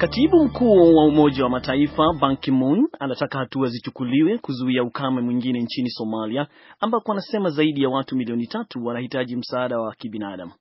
Katibu mkuu wa Umoja wa Mataifa Ban Ki-moon anataka hatua zichukuliwe kuzuia ukame mwingine nchini Somalia, ambako anasema zaidi ya watu milioni tatu wanahitaji msaada wa kibinadamu.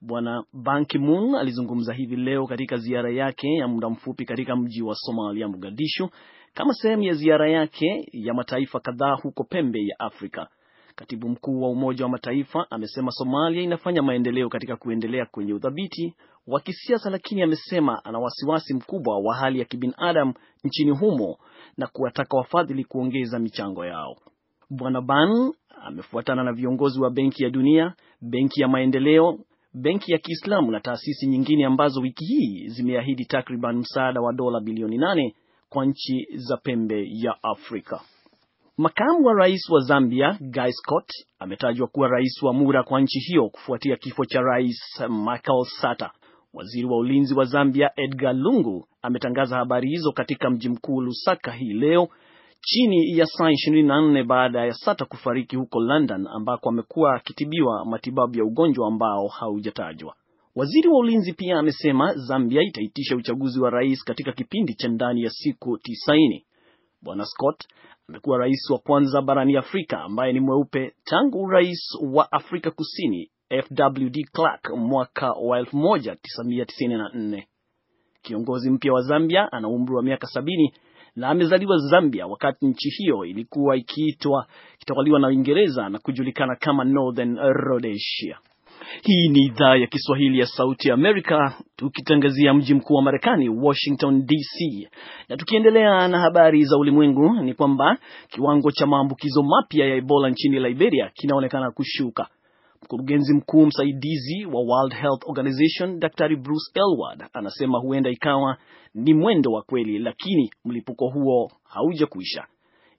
Bwana Ban Ki-moon alizungumza hivi leo katika ziara yake ya muda mfupi katika mji wa Somalia, Mogadishu, kama sehemu ya ziara yake ya mataifa kadhaa huko pembe ya Afrika. Katibu mkuu wa Umoja wa Mataifa amesema Somalia inafanya maendeleo katika kuendelea kwenye udhabiti wa kisiasa, lakini amesema ana wasiwasi mkubwa wa hali ya kibinadamu nchini humo na kuwataka wafadhili kuongeza michango yao. Bwana Ban amefuatana na viongozi wa Benki ya Dunia, Benki ya Maendeleo, Benki ya Kiislamu na taasisi nyingine ambazo wiki hii zimeahidi takriban msaada wa dola bilioni nane kwa nchi za pembe ya Afrika. Makamu wa rais wa Zambia Guy Scott ametajwa kuwa rais wa muda kwa nchi hiyo kufuatia kifo cha rais Michael Sata Waziri wa ulinzi wa Zambia Edgar Lungu ametangaza habari hizo katika mji mkuu Lusaka hii leo chini ya saa 24 baada ya Sata kufariki huko London ambako amekuwa akitibiwa matibabu ya ugonjwa ambao haujatajwa. Waziri wa ulinzi pia amesema Zambia itaitisha uchaguzi wa rais katika kipindi cha ndani ya siku tisaini. Bwana Scott amekuwa rais wa kwanza barani Afrika ambaye ni mweupe tangu rais wa Afrika Kusini FWD Clark mwaka wa 1994. Kiongozi mpya wa Zambia ana umri wa miaka sabini na amezaliwa Zambia wakati nchi hiyo ilikuwa ikiitwa kitawaliwa na Uingereza na kujulikana kama Northern Rhodesia. Hii ni idhaa ya Kiswahili ya Sauti ya Amerika, tukitangazia mji mkuu wa Marekani, Washington DC. Na tukiendelea na habari za ulimwengu, ni kwamba kiwango cha maambukizo mapya ya Ebola nchini Liberia kinaonekana kushuka. Mkurugenzi mkuu msaidizi wa World Health Organization Daktari Bruce Elward anasema huenda ikawa ni mwendo wa kweli, lakini mlipuko huo hauja kuisha.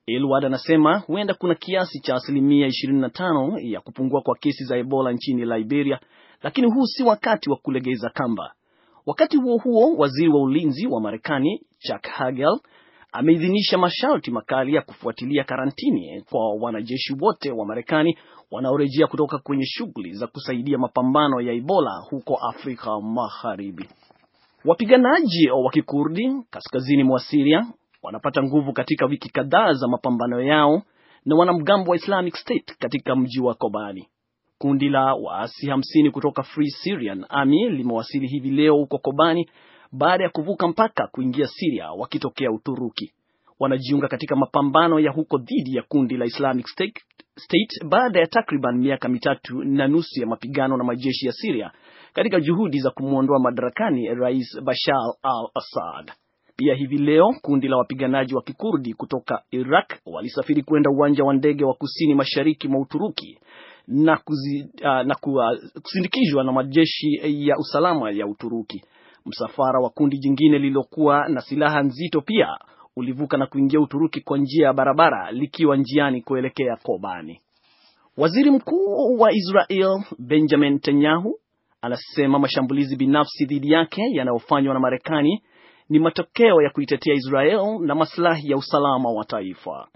Elward anasema huenda kuna kiasi cha asilimia 25 ya kupungua kwa kesi za Ebola nchini Liberia, lakini huu si wakati wa kulegeza kamba. Wakati huo huo, waziri wa ulinzi wa Marekani Chuck Hagel ameidhinisha masharti makali ya kufuatilia karantini kwa wanajeshi wote wa Marekani wanaorejea kutoka kwenye shughuli za kusaidia mapambano ya Ebola huko Afrika Magharibi. Wapiganaji wa Kikurdi kaskazini mwa Siria wanapata nguvu katika wiki kadhaa za mapambano yao na wanamgambo wa Islamic State katika mji wa Kobani. Kundi la waasi 50 kutoka Free Syrian Army limewasili hivi leo huko Kobani baada ya kuvuka mpaka kuingia Siria wakitokea Uturuki. Wanajiunga katika mapambano ya huko dhidi ya kundi la Islamic State, State baada ya takriban miaka mitatu na nusu ya mapigano na majeshi ya Siria katika juhudi za kumwondoa madarakani Rais Bashar al-Assad. Pia hivi leo kundi la wapiganaji wa Kikurdi kutoka Iraq walisafiri kwenda uwanja wa ndege wa kusini mashariki mwa Uturuki na, kuzi, uh, na kusindikizwa na majeshi ya usalama ya Uturuki. Msafara wa kundi jingine lililokuwa na silaha nzito pia ulivuka na kuingia Uturuki kwa njia ya barabara likiwa njiani kuelekea Kobani. Waziri Mkuu wa Israel Benjamin Netanyahu anasema mashambulizi binafsi dhidi yake yanayofanywa na Marekani ni matokeo ya kuitetea Israel na maslahi ya usalama wa taifa.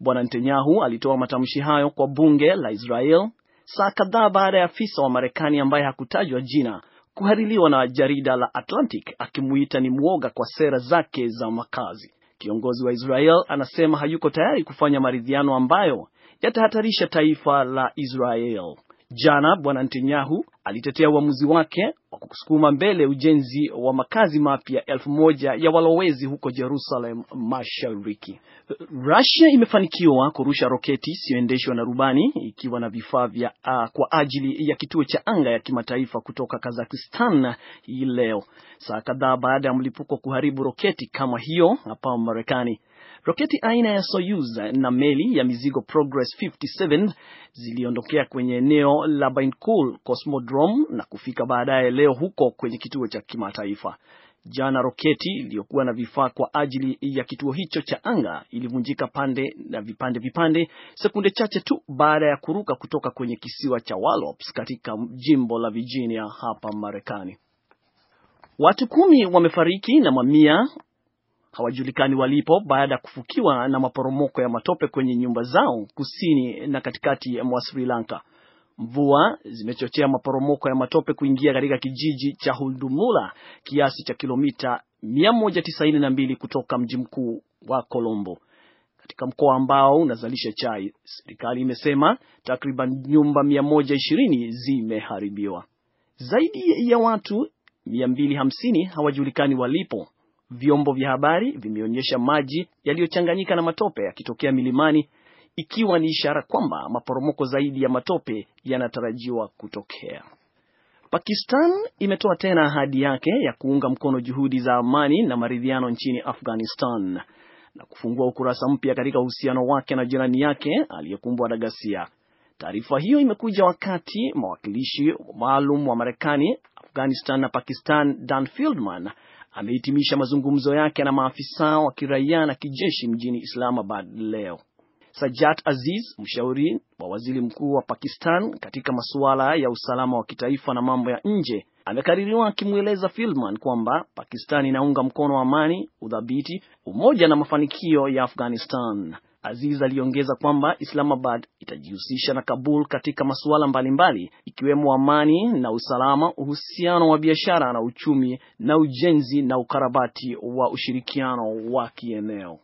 Bwana Netanyahu alitoa matamshi hayo kwa bunge la Israel saa kadhaa baada ya afisa wa Marekani ambaye hakutajwa jina kuhaririwa na jarida la Atlantic akimuita ni mwoga kwa sera zake za makazi. Kiongozi wa Israel anasema hayuko tayari kufanya maridhiano ambayo yatahatarisha taifa la Israel. Jana Bwana Netanyahu alitetea uamuzi wake kusukuma mbele ujenzi wa makazi mapya elfu moja ya walowezi huko Jerusalem Mashariki. Russia imefanikiwa kurusha roketi isiyoendeshwa na rubani ikiwa na vifaa vya uh, kwa ajili ya kituo cha anga ya kimataifa kutoka Kazakhstan hii leo, saa kadhaa baada ya mlipuko kuharibu roketi kama hiyo hapa Marekani. Roketi aina ya Soyuz na meli ya mizigo Progress 57 ziliondokea kwenye eneo la Baikonur Cosmodrome na kufika baadaye leo huko kwenye kituo cha kimataifa. Jana roketi iliyokuwa na vifaa kwa ajili ya kituo hicho cha anga ilivunjika pande na vipande vipande sekunde chache tu baada ya kuruka kutoka kwenye kisiwa cha Wallops katika jimbo la Virginia hapa Marekani. Watu kumi wamefariki na mamia hawajulikani walipo baada ya kufukiwa na maporomoko ya matope kwenye nyumba zao kusini na katikati mwa Sri Lanka. Mvua zimechochea maporomoko ya matope kuingia katika kijiji cha Hundumula kiasi cha kilomita 192 kutoka mji mkuu wa Colombo katika mkoa ambao unazalisha chai. Serikali imesema takriban nyumba 120 zimeharibiwa. Zaidi ya watu 250 hawajulikani walipo Vyombo vya habari vimeonyesha maji yaliyochanganyika na matope yakitokea milimani, ikiwa ni ishara kwamba maporomoko zaidi ya matope yanatarajiwa kutokea. Pakistan imetoa tena ahadi yake ya kuunga mkono juhudi za amani na maridhiano nchini Afghanistan na kufungua ukurasa mpya katika uhusiano wake na jirani yake aliyekumbwa na ghasia. Taarifa hiyo imekuja wakati mawakilishi maalum wa Marekani, Afghanistan na Pakistan, Dan amehitimisha mazungumzo yake na maafisa wa kiraia na kijeshi mjini Islamabad leo. Sajat Aziz, mshauri wa waziri mkuu wa Pakistan katika masuala ya usalama wa kitaifa na mambo ya nje, amekaririwa akimweleza Filman kwamba Pakistan inaunga mkono amani, udhabiti, umoja na mafanikio ya Afghanistan. Aziz aliongeza kwamba Islamabad itajihusisha na Kabul katika masuala mbalimbali ikiwemo amani na usalama, uhusiano wa biashara na uchumi, na ujenzi na ukarabati wa ushirikiano wa kieneo.